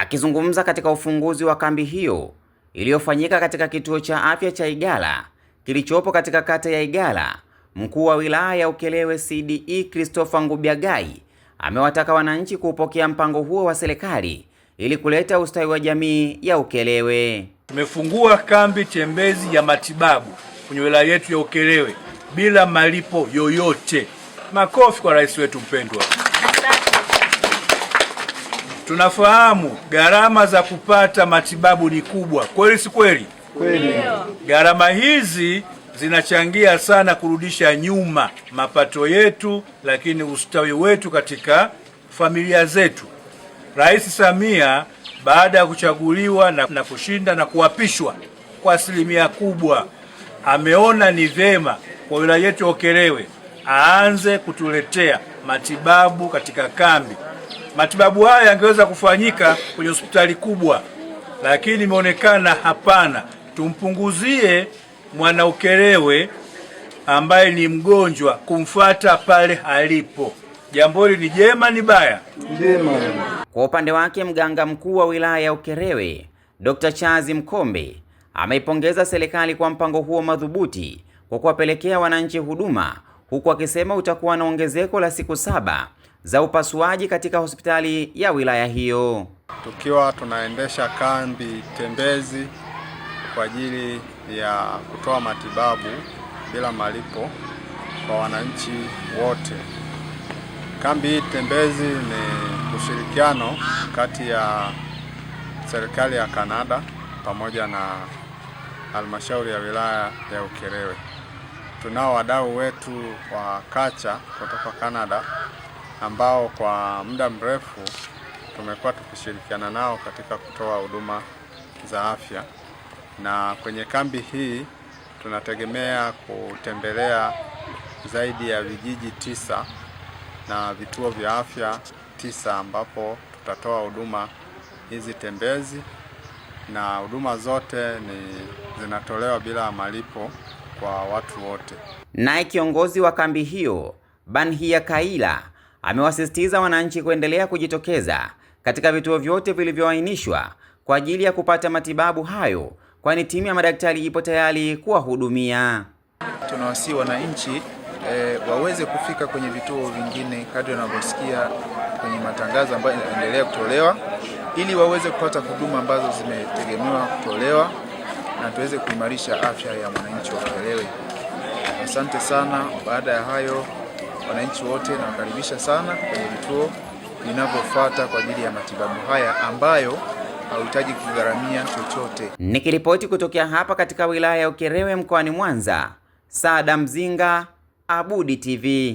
Akizungumza katika ufunguzi wa kambi hiyo iliyofanyika katika kituo cha afya cha Igala kilichopo katika kata ya Igala, mkuu wa wilaya ya Ukerewe CDE Christopher Ngubyagai amewataka wananchi kuupokea mpango huo wa serikali ili kuleta ustawi wa jamii ya Ukerewe. Tumefungua kambi tembezi ya matibabu kwenye wilaya yetu ya Ukerewe bila malipo yoyote. Makofi kwa rais wetu mpendwa. Tunafahamu gharama za kupata matibabu ni kubwa, kweli si kweli? Kweli. Gharama hizi zinachangia sana kurudisha nyuma mapato yetu, lakini ustawi wetu katika familia zetu. Rais Samia baada ya kuchaguliwa na, na kushinda na kuapishwa kwa asilimia kubwa, ameona ni vyema kwa wilaya yetu Okelewe aanze kutuletea matibabu katika kambi. Matibabu haya yangeweza kufanyika kwenye hospitali kubwa, lakini imeonekana hapana, tumpunguzie mwana Ukerewe ambaye ni mgonjwa kumfuata pale alipo. Jambo hili ni jema, ni baya? Jema. Kwa upande wake mganga mkuu wa wilaya ya Ukerewe Dr. Chazi Mkombe ameipongeza serikali kwa mpango huo madhubuti kwa kuwapelekea wananchi huduma, huku akisema utakuwa na ongezeko la siku saba za upasuaji katika hospitali ya wilaya hiyo. Tukiwa tunaendesha kambi tembezi kwa ajili ya kutoa matibabu bila malipo kwa wananchi wote. Kambi hii tembezi ni ushirikiano kati ya serikali ya Kanada pamoja na halmashauri ya wilaya ya Ukerewe. Tunao wadau wetu wa Kacha kutoka Kanada ambao kwa muda mrefu tumekuwa tukishirikiana nao katika kutoa huduma za afya, na kwenye kambi hii tunategemea kutembelea zaidi ya vijiji tisa na vituo vya afya tisa ambapo tutatoa huduma hizi tembezi na huduma zote ni zinatolewa bila malipo kwa watu wote. Naye kiongozi wa kambi hiyo banhia Kaila amewasisitiza wananchi kuendelea kujitokeza katika vituo vyote vilivyoainishwa kwa ajili ya kupata matibabu hayo, kwani timu ya madaktari ipo tayari kuwahudumia. tunawasihi wananchi e, waweze kufika kwenye vituo vingine kadri wanavyosikia kwenye matangazo ambayo yanaendelea kutolewa ili waweze kupata huduma ambazo zimetegemewa kutolewa na tuweze kuimarisha afya ya mwananchi wa Ukerewe. Asante sana. Baada ya hayo wananchi wote na wakaribisha sana kwenye vituo vinavyofuata kwa ajili ya matibabu haya ambayo hauhitaji kugharamia chochote. Nikiripoti kutokea hapa katika wilaya ya Ukerewe mkoani Mwanza, Saada Mzinga, Abudi TV.